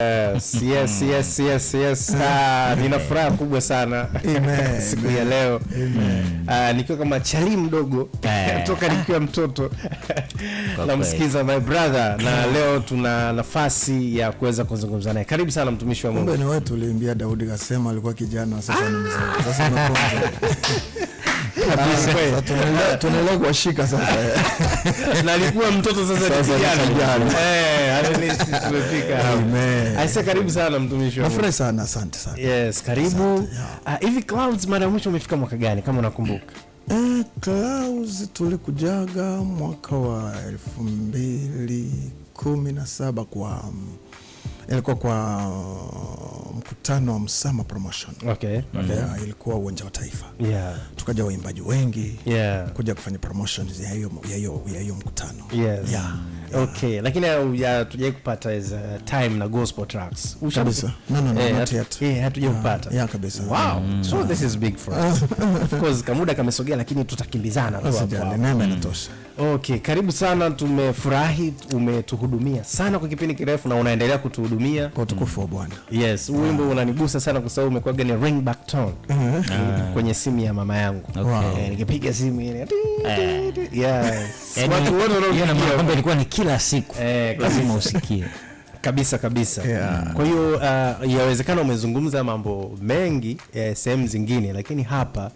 Hmm. Yes, yes, yes, yes, hmm. yes. Ah, nina furaha kubwa sana siku ya leo ah, nikiwa kama chali mdogo eh. toka nikiwa mtoto namsikiza my brother na hmm. leo tuna nafasi ya kuweza kuzungumza naye. Karibu sana mtumishi wa Mungu. Kumbe ni wewe tuliimbia Daudi kasema alikuwa kijana sasa ni mzee. Sasa kabisa, kuwashika sasa, na alikuwa mtoto sasa eh, karibu sana mtumishi Nafurahi sana, asante sana. Yes, karibu. Ah, hivi Clouds, mara ya mwisho umefika mwaka gani kama unakumbuka? Eh, tulikujaga mwaka wa elfu mbili kumi na saba kwa ilikuwa kwa mkutano wa Msama Promotion. Okay. Okay. Mm-hmm. Yeah, ilikuwa uwanja wa Taifa. Yeah. Tukaja waimbaji wengi yeah, kuja kufanya promotion ya hiyo ya hiyo ya hiyo mkutano. Yes. Yeah. Yeah. Okay, Lakini uh, hatujai kupata is uh, time na gospel tracks. Kabisa. No, no, no, eh, not yet. Eh, hatujai ah, kupata. Yeah, kabisa. Wow. Mm. So this is big for us. Of course, kamuda kamesogea lakini tutakimbizana tu hapo. Ndio, inatosha. Mm. Okay, karibu sana. Tumefurahi umetuhudumia sana kwa kipindi kirefu na unaendelea kutuhudumia kwa utukufu wa Bwana. Yes, huu wimbo unanigusa sana kwa sababu umekuwa gani ring back tone uh-huh. ah. kwenye simu ya mama yangu. Okay. Eh, nikipiga simu ile. Eh. Yes. Yaani Watu wote wanaona ilikuwa ni kila siku. Eh, lazima usikie. kabisa kabisa, yeah. Kwa hiyo uh, yawezekana umezungumza mambo mengi eh, sehemu zingine, lakini hapa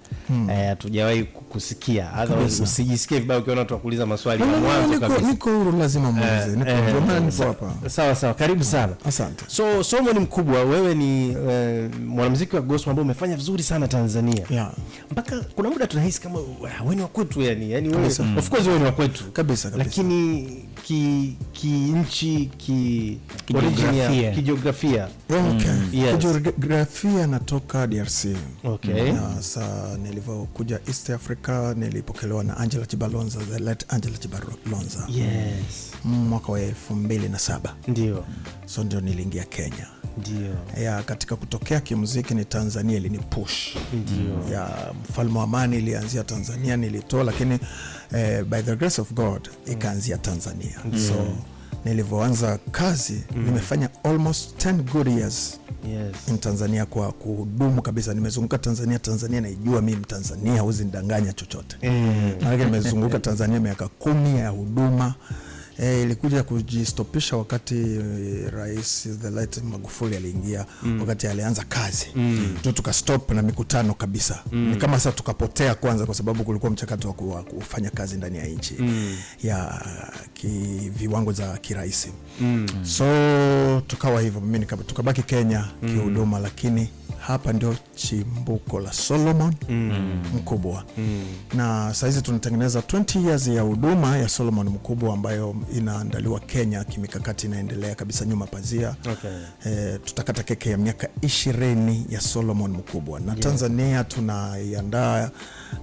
hatujawahi hmm. eh, kusikia. Usijisikie vibaya ukiona watu maswali ya mwanzo kabisa. Niko huru, lazima eh, niko eh, niko hapa. Sawa sawa, karibu sana, asante. So somo ni mkubwa, wewe ni eh, mwanamuziki wa gospel ambaye umefanya vizuri sana Tanzania yeah. Mpaka kuna muda tunahisi kama ah, wewe ni wa kwetu yani, yani wewe of course wewe ni wa kwetu kabisa kabisa, lakini ki kinchi ki kijiografia kijiografia mm. natoka DRC. Okay. Na sa nilivyokuja East Africa nilipokelewa na Angela Chibalonza, the late Angela Chibalonza. Yes. Mwaka wa 2007. Ndio. So ndio niliingia Kenya. Ndio. Ya, katika kutokea kimuziki ni Tanzania ilinipush. push Ya Mfalme wa Amani ilianzia Tanzania nilitoa, lakini eh, by the grace of God ikaanzia Tanzania. Ndiyo. So nilivyoanza kazi mm. nimefanya almost 10 good years yes. in Tanzania kwa kuhudumu kabisa. Nimezunguka Tanzania, Tanzania naijua mimi Mtanzania, huzi ndanganya chochote mm. maanake nimezunguka Tanzania miaka kumi ya huduma e, ilikuja kujistopisha wakati e, Rais the late Magufuli aliingia mm. wakati alianza kazi mm. tu tukastop na mikutano kabisa mm. ni kama sasa tukapotea kwanza, kwa sababu kulikuwa mchakato wa kufanya kazi ndani ya nchi mm. ya viwango za kirahisi mm. so tukawa hivyo mimi tukabaki Kenya mm. kihuduma lakini hapa ndio chimbuko la Solomon mm. Mkubwa mm. na sahizi tunatengeneza 20 years ya huduma ya Solomon Mkubwa ambayo inaandaliwa Kenya kimikakati, inaendelea kabisa nyuma pazia. okay. E, eh, tutakata keke ya miaka 20 ya Solomon Mkubwa na Tanzania tunaiandaa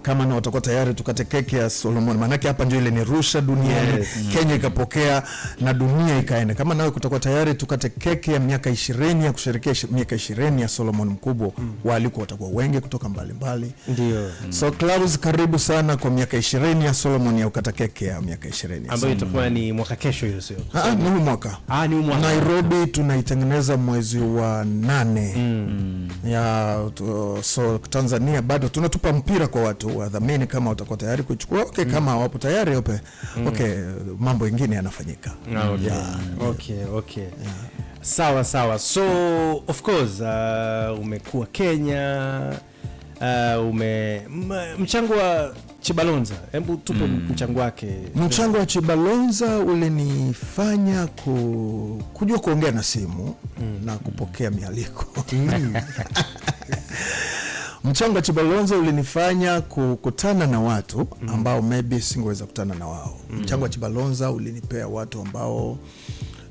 kama na watakuwa tayari tukate keke ya Solomon, maanake hapa ndio ile ni rusha duniani yes. Mm. Kenya ikapokea na dunia ikaenda. Kama nawe kutakuwa tayari tukate keke ya miaka 20 ya kusherekea miaka 20 ya Solomon Mkubwa mkubwa mm. waalikwa watakuwa wengi kutoka mbalimbali ndio mm. so clubs karibu sana kwa miaka 20 ya Solomon ya ukata keke ya miaka 20 ambayo itakuwa ni mwaka kesho hiyo sio ah, ah ni huu mwaka ah ni huu mwaka Nairobi tunaitengeneza mwezi wa nane mm. ya to, so Tanzania bado tunatupa mpira kwa watu wadhamini kama watakuwa tayari kuchukua okay mm. kama wapo tayari ope mm. okay mambo mengine yanafanyika ah, okay. Yeah. okay okay yeah. Sawa sawa, so of course uh, umekuwa Kenya uh, ume mchango wa Chibalonza, hebu tupe mm. mchango wake. Mchango wa Chibalonza ulinifanya ku, kujua kuongea na simu mm. na kupokea mialiko mm. mchango wa Chibalonza ulinifanya kukutana na watu mm. ambao maybe singeweza kutana na wao. Mm. Mchango wa Chibalonza ulinipea watu ambao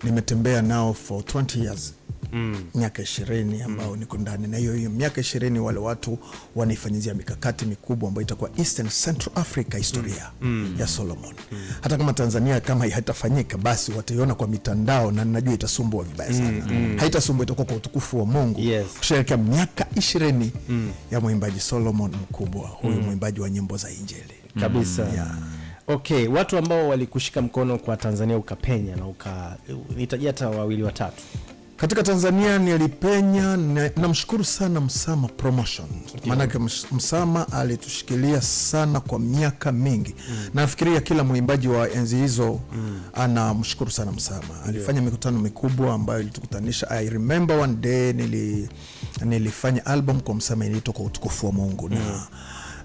nimetembea nao for 20 years Mm. miaka ishirini ambao mm. niko ndani na hiyo hiyo miaka ishirini wale watu wanaifanyizia mikakati mikubwa ambayo itakuwa Eastern Central Africa historia mm. mm. ya Solomon mm. hata kama Tanzania kama haitafanyika basi wataiona kwa mitandao na najua itasumbua vibaya mm, sana mm. haitasumbua itakuwa kwa utukufu wa Mungu yes. kusherehekea miaka ishirini mm. ya mwimbaji Solomon mkubwa huyu mm. mwimbaji mm. wa nyimbo za Injili kabisa yeah. Okay, watu ambao walikushika mkono kwa Tanzania ukapenya na uka nitaji hata wawili watatu katika Tanzania nilipenya. Namshukuru na sana Msama Promotion, maanake Msama alitushikilia sana kwa miaka mingi mm. Nafikiria kila mwimbaji wa enzi hizo mm. anamshukuru sana Msama. Alifanya mikutano mikubwa ambayo ilitukutanisha. I remember one day nili, nilifanya album kwa Msama iliitwa kwa utukufu wa Mungu na mm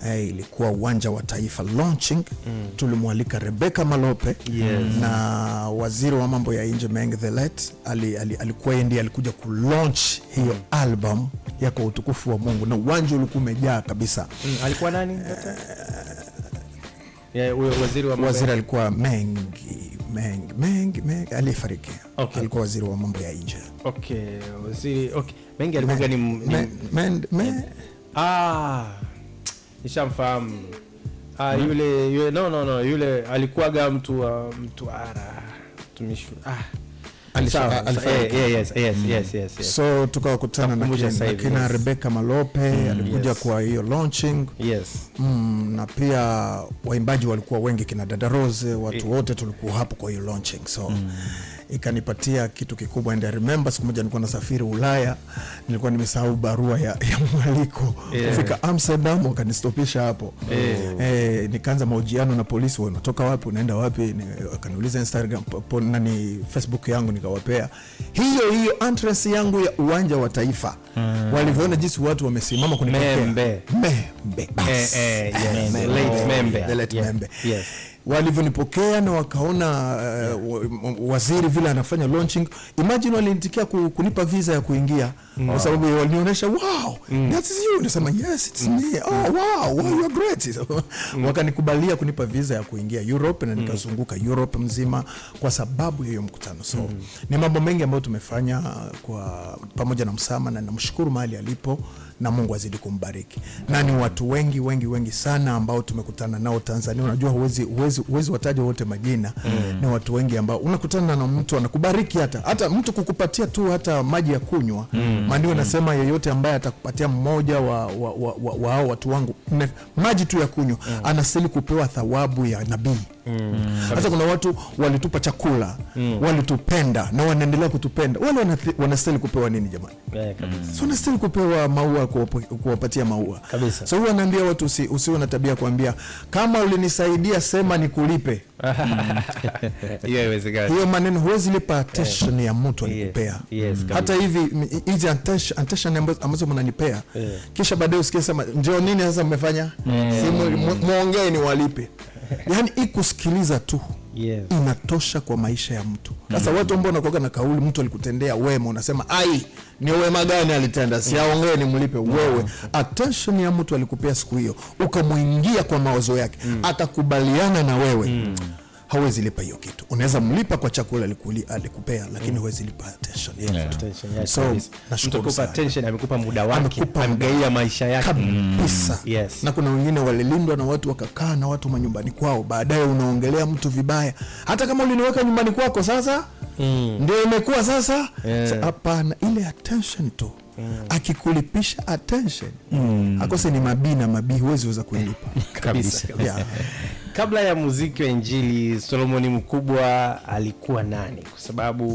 eh, ilikuwa uwanja wa Taifa launching mm. Tulimwalika Rebecca Malope yes. na waziri wa mambo ya nje Meng Thelet ali, ali, alikuwa yeye ndiye alikuja kulaunch hiyo mm. album ya Kwa Utukufu wa Mungu na uwanja ulikuwa umejaa kabisa mm. alikuwa nani? Uh, eh, yeah, waziri wa waziri alikuwa Meng Meng, Meng, Meng, alifariki. Okay. Alikuwa waziri wa mambo ya nje. Okay, waziri, okay. Mengi alikuwa ni, ni... Ah nishamfahamu ah, hmm. yule yule no, no, no, yule alikuwaga mtu wa Mtwara mtumishi ah eh, mm. so tukawakutana na kina Malope mm, alikuja yes. Kwa hiyo launching yes. Mm, na pia waimbaji walikuwa wengi kina Dada Rose, watu eh. wote tulikuwa hapo kwa hiyo launching so mm. Ikanipatia kitu kikubwa and I remember siku moja nilikuwa nasafiri Ulaya nilikuwa nimesahau barua ya, ya mwaliko yeah. Kufika Amsterdam wakanistopisha hapo yeah. E, nikaanza mahojiano na polisi, unatoka wapi unaenda wapi? Wakaniuliza Instagram nani Facebook yangu, nikawapea hiyo hiyo entrance yangu ya uwanja wa Taifa mm. Walivyoona jinsi watu wamesimama kunipokea eh, eh, walivyonipokea na wakaona uh, waziri vile anafanya launching. Imagine waliniitikia kunipa visa ya kuingia Mm. kwa sababu walionyesha wow, mm. you. Nasema yes it's mm. me. Oh wow, wow great. Wakanikubalia kunipa visa ya kuingia Europe na nikazunguka Europe mzima kwa sababu ya hiyo mkutano. So ni mambo mengi ambayo tumefanya kwa pamoja na Msama, na namshukuru mahali alipo na Mungu azidi kumbariki. Na ni watu wengi wengi wengi sana ambao tumekutana nao Tanzania. Unajua huwezi huwezi huwezi wataja wote majina. Ni watu wengi ambao unakutana na mtu anakubariki hata hata mtu kukupatia tu hata maji ya kunywa mm. mm. nasema yeyote ambaye atakupatia mmoja wa, wa, wa, wa, wa watu wangu maji tu ya kunywa mm. anastahili kupewa thawabu ya nabii. Sasa mm. kuna watu walitupa chakula mm. walitupenda na wanaendelea kutupenda. Wale wanastahili kupewa nini jamani? Yeah, so wanastahili kupewa maua, kuwapatia maua kabisa. So huwa anaambia watu usi, usiwe na tabia kuambia kama ulinisaidia sema kulipe Hiyo maneno huwezi lipa attention yeah. ya mtu alikupea. Yes, hata hivi hizi attention ambazo mnanipea yeah. kisha baadaye usikie sema njoo nini sasa mmefanya mm. si muongee ni walipe yani ikusikiliza tu yes. inatosha kwa maisha ya mtu mm. sasa. mm -hmm. Watu ambao wanakuwa na kauli, mtu alikutendea wema, unasema ai, ni wema gani alitenda? si aongee ni mlipe. mm -hmm. Wewe attention ya mtu alikupea siku hiyo, ukamwingia kwa mawazo yake, mm -hmm. akakubaliana na wewe mm -hmm hauwezi lipa hiyo kitu. Unaweza mlipa kwa chakula alikupea, lakini huwezi lipa attention yake. So nashukuru sana, attention amekupa muda wake, amgaia maisha yake kabisa. Mm. Na kuna wengine walilindwa na watu wakakaa na watu manyumbani kwao, baadaye unaongelea mtu vibaya, hata kama uliniweka nyumbani kwako. Sasa mm. ndio imekuwa sasa, hapana, ile attention tu Mm. Akikulipisha attention mm. Akose ni mabii na mabii, huwezi weza kuilipa kabisa, kabisa. Yeah kabla ya muziki wa Injili, Solomoni Mkubwa alikuwa nani? Kwa sababu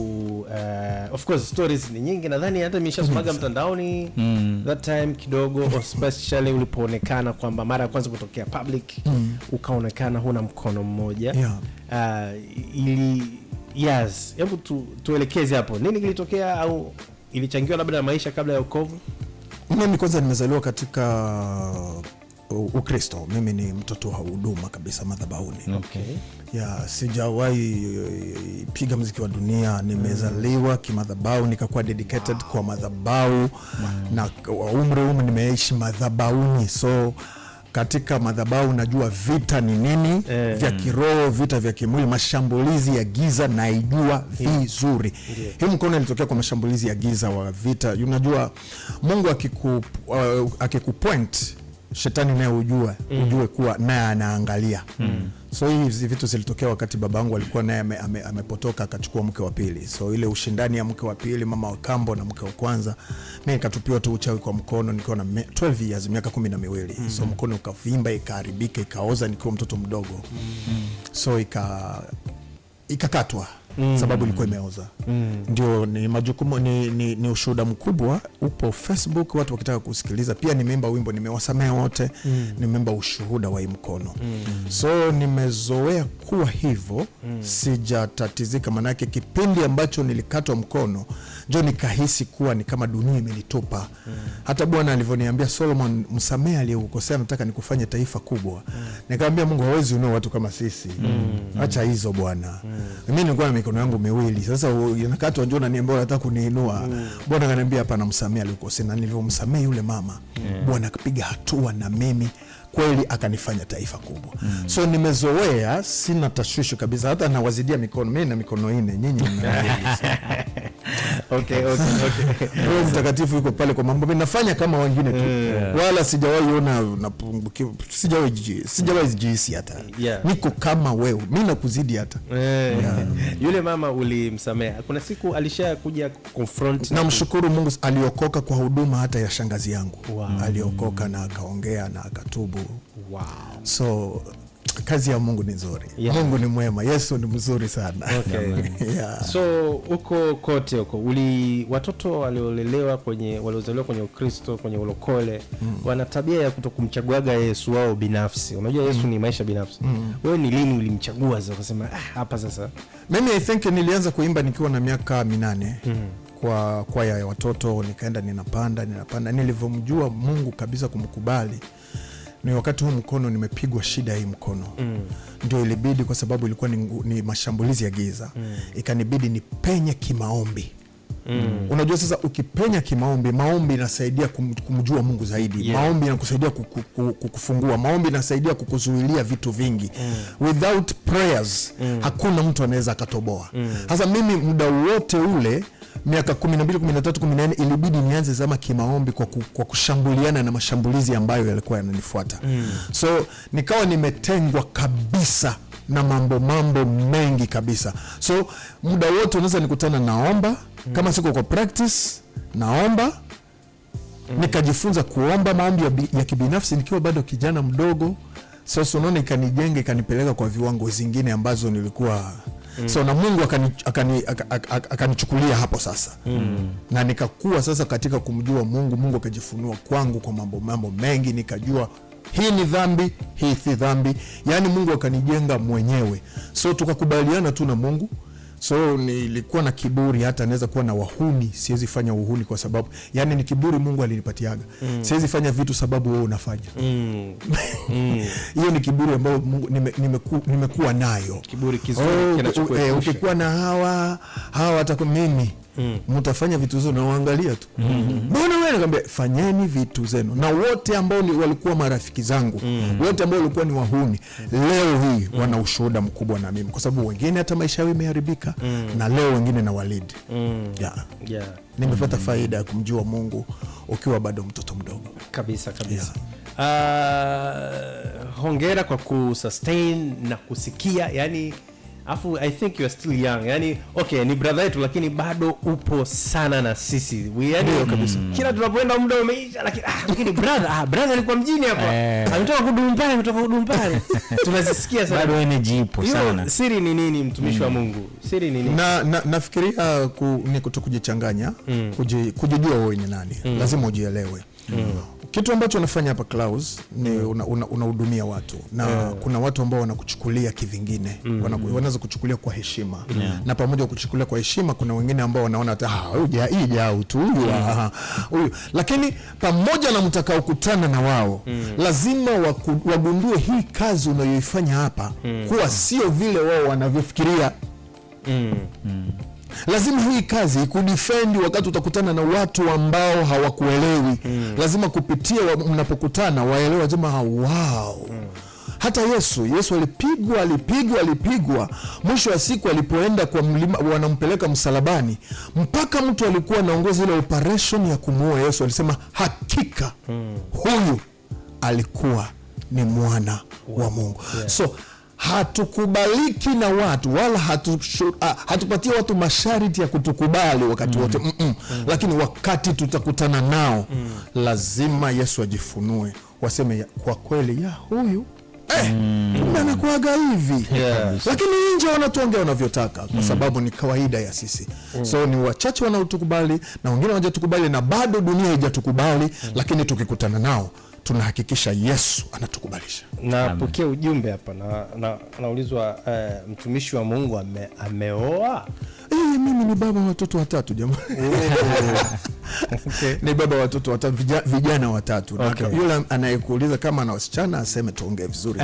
uh, of course stories ni nyingi, nadhani hata nimeshasomaga mm. mtandaoni mm. that time kidogo, especially ulipoonekana kwamba mara ya kwanza kutokea public mm. ukaonekana huna mkono mmoja yeah. uh, ili yes, hebu tu, tuelekeze hapo, nini kilitokea au ilichangiwa labda na maisha kabla ya ukovu Mimi kwanza nimezaliwa katika Ukristo. Mimi ni mtoto wa huduma kabisa madhabahuni. Okay. Ya sijawahi eh, piga mziki wa dunia, nimezaliwa kimadhabahu nikakuwa dedicated wow. kwa madhabahu wow. na umri ume nimeishi madhabahuni so katika madhabahu najua vita ni nini eh, vya kiroho, vita vya kimwili, mashambulizi ya giza naijua vizuri. Hii mkono ilitokea kwa mashambulizi ya giza wa vita. Unajua Mungu akiku, uh, shetani naye ujue mm. ujue kuwa naye anaangalia mm. so hizi vitu zilitokea wakati babangu alikuwa naye amepotoka, ame, akachukua mke wa pili. So ile ushindani ya mke wa pili, mama wa kambo na mke wa kwanza, mi nikatupiwa tu uchawi kwa mkono nikiwa na 12 years, miaka kumi na miwili mm. so mkono ukavimba, ikaharibika, ikaoza nikiwa mtoto mdogo mm. so ika ikakatwa mm. sababu ilikuwa imeoza mm. Ndio ni majukumu ni, ni, ni ushuhuda mkubwa upo Facebook, watu wakitaka kusikiliza. Pia nimeimba wimbo nimewasamea wote mm. nimeimba ushuhuda wa mkono mm. so nimezoea kuwa hivyo mm. sijatatizika, maanake kipindi ambacho nilikatwa mkono njo nikahisi kuwa ni kama dunia imenitupa mm. Hata Bwana alivyoniambia Solomon, msamehe aliyekukosea, nataka nikufanye taifa kubwa mm. Mungu hawezi unao watu kama sisi mm. hizo Bwana mm. Mimi nilikuwa na mikono yangu miwili, sasa nakati wanjua unaniambia nataka kuniinua mm. Bwana kaniambia hapana, msamehe aliyekukosea, na nilivyomsamehe yule mama yeah. Bwana akapiga hatua na mimi kweli akanifanya taifa kubwa mm. So nimezoea, sina tashwishi kabisa, hata nawazidia mikono mi na mikono ine nyinyi Okay, okay, okay. Roho Mtakatifu yuko pale kwa mambo nafanya kama wengine tu yeah. Wala sijawahi ona napunguki, sijawahi sijawahi jisi hata yeah. Niko kama wewe, mi nakuzidi hata yeah. Eh. Yeah. Yule mama ulimsamea, kuna siku kuja confront. Namshukuru Mungu aliokoka kwa huduma hata ya shangazi yangu wow. Aliokoka na akaongea na akatubu wow. So kazi ya Mungu ni nzuri yeah. Mungu ni mwema, Yesu ni mzuri sana okay. yeah. So huko kote huko uli watoto waliolelewa kwenye waliozaliwa kwenye Ukristo kwenye ulokole mm. wana tabia ya kutokumchaguaga Yesu wao binafsi. Unajua Yesu mm. ni maisha binafsi mm. wewe ni lini ulimchagua sasa ukasema ah, hapa sasa? Mimi I think nilianza kuimba nikiwa na miaka minane mm kwa kwaya ya watoto nikaenda, ninapanda ninapanda, nilivyomjua Mungu kabisa kumkubali ni wakati huu mkono nimepigwa shida hii mkono mm. Ndio ilibidi kwa sababu ilikuwa ni, ni mashambulizi ya giza mm. Ikanibidi nipenye kimaombi mm. Unajua sasa, ukipenya kimaombi, maombi inasaidia kum, kumjua Mungu zaidi yeah. Maombi inakusaidia kukufungua, maombi inasaidia kukuzuilia vitu vingi mm. Without prayers mm. Hakuna mtu anaweza akatoboa mm. sasa mm. Mimi muda wote ule miaka 12, 13, 14 ilibidi nianze zama kimaombi kwa, ku, kwa kushambuliana na mashambulizi ambayo yalikuwa yananifuata mm. So nikawa nimetengwa kabisa na mambo mambo mengi kabisa, so muda wote unaweza nikutana naomba mm. Kama siko kwa practice naomba Mm. Nikajifunza kuomba maombi ya, ya kibinafsi nikiwa bado kijana mdogo. Sasa unaona, ikanijenga ikanipeleka kwa viwango zingine ambazo nilikuwa mm. so na Mungu akanichukulia hapo sasa mm. na nikakuwa sasa katika kumjua Mungu, Mungu akajifunua kwangu kwa mambo mambo mengi, nikajua hii ni dhambi, hii si dhambi, yaani Mungu akanijenga mwenyewe, so tukakubaliana tu na Mungu So nilikuwa na kiburi, hata naweza kuwa na wahuni, siwezi fanya uhuni kwa sababu yani ni kiburi Mungu alinipatiaga. Mm. Siwezi fanya vitu sababu wewe unafanya. Mm. mm. Hiyo ni kiburi ambayo nime, nimekuwa nayo. Kiburi kizuri oh, kinachokuwa. Eh, ukikuwa na hawa hawa hata mimi mtafanya mm. vitu zenu, nawaangalia tu mm. mbona mm. wewe, nikamwambia fanyeni vitu zenu, na wote ambao walikuwa marafiki zangu mm. wote ambao walikuwa ni wahuni mm. leo hii mm. wana ushuhuda mkubwa na mimi, kwa sababu wengine hata maisha yao imeharibika mm. na leo wengine na walidi mm. yeah. yeah. nimepata mm. faida ya kumjua Mungu ukiwa bado mtoto mdogo kabisa kabisa yeah. Uh, hongera kwa kusustain na kusikia yani afu I think you are still young yani, okay ni brother yetu, lakini bado upo sana na sisi yani hmm. kabisa Kila tunapoenda muda umeisha, lakini ah, lakini brother ah, brother alikuwa mjini hapa eh. Ametoka kudumbani, ametoka kudumbani tunazisikia sana, bado energy ipo sana. Siri ni nini, mtumishi mm. wa hmm. Mungu, siri ni nini? Na, na nafikiria ku, ni kutokujichanganya mm. kujijua wewe ni nani mm. lazima ujielewe mm. Kitu ambacho unafanya hapa Clouds ni unahudumia mm. una, una watu na yeah. Kuna watu ambao wanakuchukulia kivingine mm -hmm. Wanaweza kuchukulia kwa heshima yeah. Na pamoja kuchukulia kwa heshima, kuna wengine ambao wanaona ah, hii jau tu huyu mm. ah, huyu, lakini pamoja na mtakaokutana na wao mm Lazima waku, wagundue hii kazi unayoifanya hapa mm Kuwa sio vile wao wanavyofikiria mm mm. Lazima hii kazi kudifendi, wakati utakutana na watu ambao hawakuelewi mm. lazima kupitia wa, mnapokutana waelewa jamaa ah, wow. mm. Hata Yesu Yesu alipigwa alipigwa alipigwa, mwisho wa siku alipoenda kwa mlima, wanampeleka msalabani, mpaka mtu alikuwa anaongoza ile operation ya kumuua Yesu alisema hakika mm. huyu alikuwa ni mwana wow. wa Mungu yeah. so hatukubaliki na watu wala hatu, uh, hatupatia watu masharti ya kutukubali wakati wote mm. mm -mm. Lakini wakati tutakutana nao mm. lazima Yesu ajifunue, waseme ya, kwa kweli ya huyu eh, mm. anakuaga hivi yes. Lakini nje wanatuongea wanavyotaka kwa mm. sababu ni kawaida ya sisi mm. So ni wachache wanaotukubali na wengine wanajatukubali na bado dunia haijatukubali mm. Lakini tukikutana nao tunahakikisha Yesu anatukubalisha. Napokea ujumbe hapa na, na, naulizwa uh, mtumishi wa Mungu ame, ameoa hey, eh, mimi ni baba watoto watatu jamani. Okay. Ni baba watoto watatu vijana, vijana watatu okay. Yule anayekuuliza kama ana wasichana aseme tuongee vizuri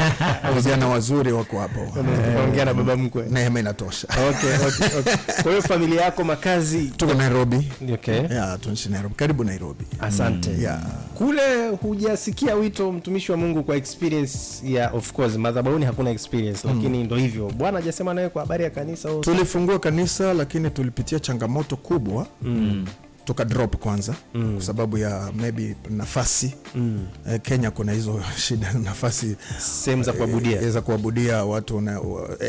vijana wazuri wako hapo. Tunaongea na baba mkwe. Na yeye inatosha. Okay, okay, okay. Kwa hiyo familia yako makazi tuko Nairobi. Okay. Yeah, tunaishi Nairobi. Karibu Nairobi. Asante. Mm, yeah. Kule hujasikia wito mtumishi wa Mungu kwa experience ya of course madhabahuni hakuna experience mm, lakini ndio hivyo. Bwana hajasema nawe kwa habari ya kanisa. Tulifungua kanisa, lakini tulipitia changamoto kubwa mm. Tuka drop kwanza mm. kwa sababu ya maybe nafasi mm. Eh, Kenya kuna hizo shida nafasi sehemu za kuabudia eh, eh, za kuabudia watu una,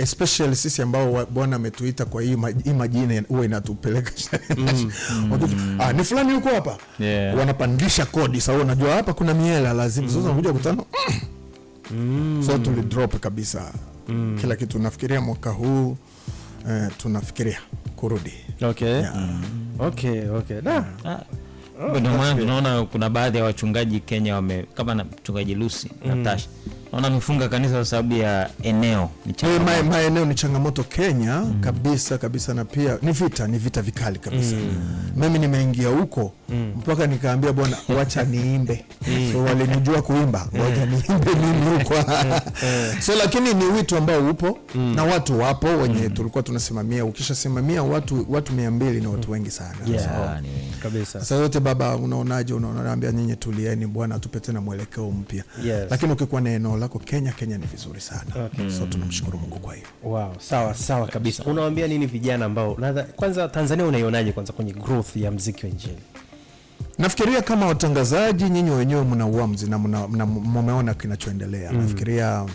especially sisi ambao Bwana ametuita kwa hii majina huwa inatupeleka mm. mm. ah, ni fulani yuko hapa yeah. Wanapandisha kodi sasa, unajua hapa kuna miela lazima mm. mm. sasa unakuja mm. so tulidrop kabisa mm. kila kitu. Nafikiria mwaka huu Eh, tunafikiria kurudi. Okay. Yeah. Mm. Okay, okay. Oh, ndio maana tunaona kuna baadhi ya wachungaji Kenya wame kama na mchungaji Lucy mm. Natasha Naona mfunga kanisa kwa sababu ya eneo ni eh, changamoto. Maeneo ni changamoto Kenya mm. kabisa kabisa, na pia ni vita, ni vita vikali kabisa mm. mimi nimeingia huko mm. mpaka nikaambia bwana, wacha niimbe mm. so walinijua kuimba, mm. wacha niimbe mimi huko mm. so lakini ni wito ambao upo mm. na watu wapo wenye mm. tulikuwa tunasimamia, ukishasimamia watu watu mia mbili na watu wengi sana yeah, so, kabisa. Sasa yote baba, unaonaje? Unaonaambia nyinyi tulieni bwana, tupe tena mwelekeo mpya yes. lakini ukikuwa na eneo lako Kenya, Kenya ni vizuri sana okay. So tunamshukuru Mungu kwa hiyo. Wow, sawa sawa kabisa. unawambia nini vijana ambao kwanza, Tanzania unaionaje kwanza kwenye growth ya mziki wa injili? Nafikiria kama watangazaji nyinyi wenyewe mna uamzi na mumeona kinachoendelea mm. Nafikiria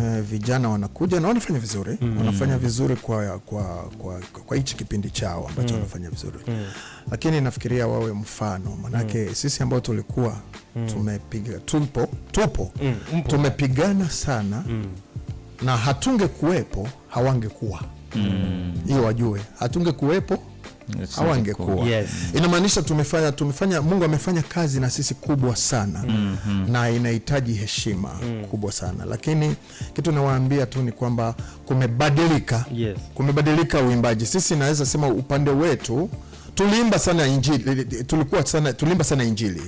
Eh, vijana wanakuja na wanafanya vizuri mm. wanafanya vizuri kwa kwa kwa, kwa hichi kipindi chao ambacho mm. wanafanya vizuri mm. lakini nafikiria wawe mfano manake mm. sisi ambao tulikuwa mm. tumepiga tupo, tupo mm. tumepigana sana mm. na hatungekuwepo hawangekuwa mm. hiyo mm. wajue hatungekuwepo au angekuwa yes. Inamaanisha tumefanya, tumefanya, Mungu amefanya kazi na sisi kubwa sana mm -hmm. na inahitaji heshima mm. kubwa sana lakini kitu nawaambia tu ni kwamba kumebadilika yes. Kumebadilika uimbaji, sisi naweza sema upande wetu tuliimba sana Injili, tulikuwa sana tuliimba sana Injili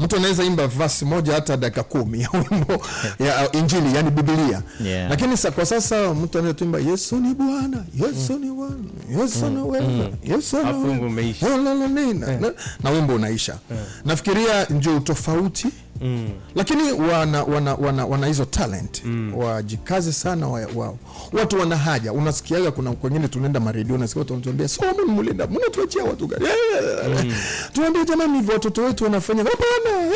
mtu anaweza imba vasi moja hata dakika kumi ya wimbo ya Injili, yani Biblia yeah. Lakini sa, kwa sasa mtu anaweza tuimba Yesu ni Bwana, Yesu ni Bwana, Yesu mm. Mm. Yesu oh, eh. na wimbo unaisha yeah. Nafikiria njo utofauti Mm. Lakini wana, wana, wana, wana hizo talent mm. Wajikaze sana wa, wa, watu wana haja. Unasikiaga kuna kwengine tunaenda maredio, nasikia watu wanatuambia so mlinda tuachia watu gari mm. Tunaambia jamani, hivyo watoto wetu wanafanya hapana,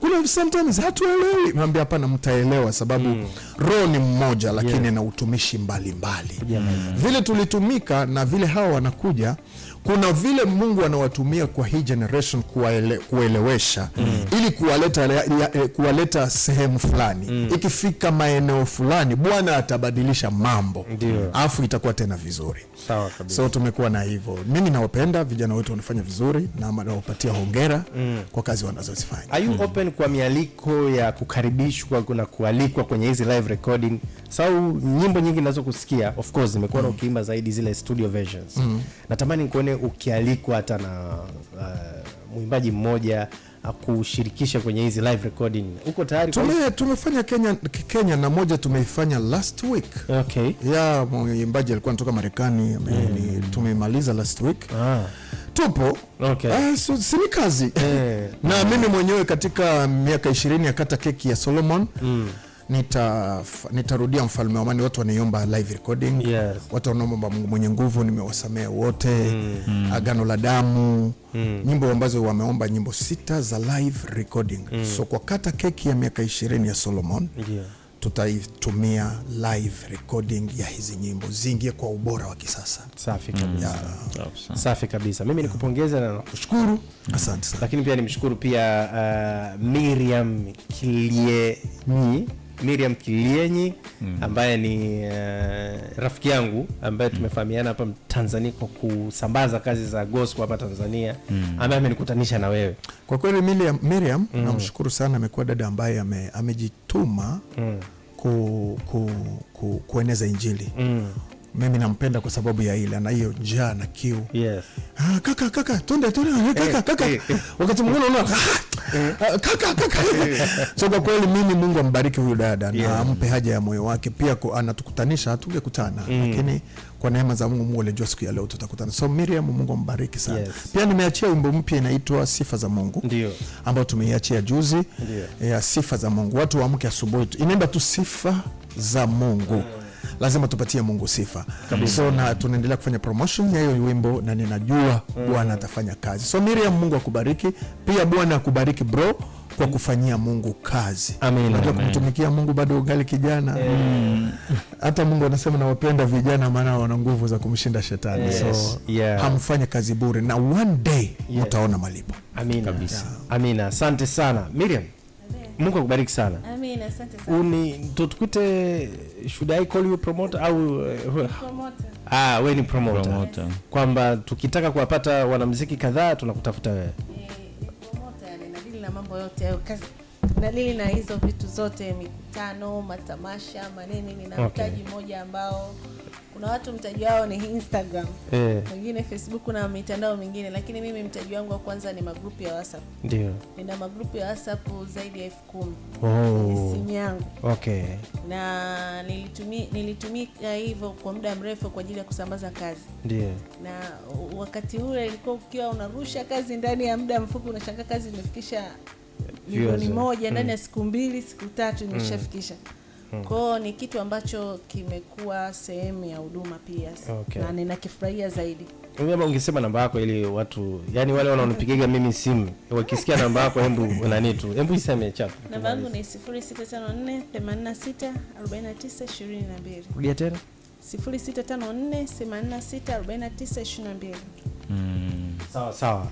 kuna sometimes hatuelewi. Naambia hapana, mtaelewa sababu mm. roho ni mmoja, lakini yeah. na utumishi mbalimbali mbali. Yeah, vile tulitumika na vile hawa wanakuja kuna vile Mungu anawatumia kwa hii generation kuwaele, kuelewesha mm. ili kuwaleta, eh, kuwaleta sehemu fulani mm. ikifika maeneo fulani Bwana atabadilisha mambo alafu itakuwa tena vizuri. Sawa kabisa. So tumekuwa na hivyo, mimi nawapenda vijana wetu wanafanya vizuri na nawapatia hongera mm. kwa kazi wanazozifanya. Are you mm. open kwa mialiko ya kukaribishwa na kualikwa kwenye hizi live recording? Sababu nyimbo nyingi nazo kusikia of course zimekuwa mm. na ukiimba zaidi zile studio versions mm. natamani nikuone vile ukialikwa hata na uh, mwimbaji mmoja akushirikisha kwenye hizi live recording uko tayari? Tume, tumefanya Kenya, Kenya na moja tumeifanya last week okay. Ya mwimbaji alikuwa anatoka Marekani mm. Tumemaliza last week ah. Tupo okay. Uh, so, sini kazi eh. na mimi mwenyewe katika miaka 20 ya kata keki ya Solomon mm nita nitarudia mfalme wa amani. Watu wanaiomba live recording yes. Watu wanaomba Mungu mwenye nguvu, nimewasamea wote mm. mm. agano la damu mm. nyimbo ambazo wameomba nyimbo sita za live recording mm. so kwa kata keki ya miaka ishirini ya Solomon yeah. tutaitumia live recording ya hizi nyimbo ziingie kwa ubora wa kisasa. Safi mm. kabisa. Yeah. safi kabisa. Mimi nikupongeza na nakushukuru. Asante sana. Lakini pia nimshukuru pia uh, Miriam Kilie Miriam Kilienyi mm. ambaye ni uh, rafiki yangu ambaye mm. tumefahamiana hapa Tanzania kwa kusambaza kazi za gospel hapa Tanzania mm. ambaye amenikutanisha na wewe. Kwa kweli Miriam, Miriam mm. namshukuru sana, amekuwa dada ambaye ame, amejituma mm. ku, ku, ku, kueneza Injili mm. Mimi nampenda kwa sababu ya ile na hiyo njaa na kiu. Yes. Ah, kaka kaka, tunde tunde kaka eh, kaka. Eh, Wakati mwingine unaona ah, Ah, kaka kaka. So kwa kweli mimi Mungu ambariki huyu dada yeah, na ampe haja ya moyo wake, pia anatukutanisha, tungekutana mm, lakini kwa neema za Mungu Mungu alijua siku ya leo tutakutana. So Miriam, Mungu ambariki sana. Yes. Pia nimeachia wimbo mpya inaitwa Sifa za Mungu ambao tumeiachia juzi ya Sifa za Mungu. Watu waamke asubuhi, inaenda tu Sifa za Mungu. Ah lazima tupatie Mungu sifa kabisa. So na tunaendelea kufanya promotion ya hiyo wimbo na ninajua mm. Bwana atafanya kazi. So Miriam, Mungu akubariki pia. Bwana akubariki bro kwa kufanyia Mungu kazi. Unajua kumtumikia Mungu bado ugali kijana hata eh. mm. Hata Mungu anasema nawapenda vijana, maana wana nguvu za kumshinda shetani yes. So yeah. Hamfanye kazi bure na one day yes. Mtaona malipo. Amina. Kabisa. Amina. Asante sana Miriam, Mungu akubariki sana. Amina, asante sana. Uni tutukute should I call you promoter au uh, promoter? Ah, we ni promoter, promoter. Kwamba tukitaka kuwapata wanamuziki kadhaa tunakutafuta wewe. Eh, promoter yani, na mambo yote kazi dalili na hizo vitu zote, mikutano, matamasha, manini. Nina mtaji okay, mmoja ambao kuna watu mtaji wao ni Instagram wengine eh, Facebook na mitandao mingine, lakini mimi mtaji wangu wa kwanza ni magrupu ya WhatsApp. Ndio nina magrupu ya WhatsApp zaidi ya elfu kumi oh, simu yangu okay, na nilitumia nilitumika hivyo kwa muda mrefu kwa ajili ya kusambaza kazi. Ndio na wakati ule ilikuwa ukiwa unarusha kazi ndani ya muda mfupi unashangaa kazi imefikisha milioni moja ndani ya mm. siku mbili siku tatu imeshafikisha mm. mm. kwao ni kitu ambacho kimekuwa sehemu ya huduma pia okay. Na ninakifurahia zaidi. Labda ungesema namba yako ili watu yani wale wanaonipigiga mimi simu wakisikia namba yako, hebu nani tu, hebu iseme chapu. Namba yangu ni 0654864922 86 Rudia tena 0654864922 mm. Sawa sawa.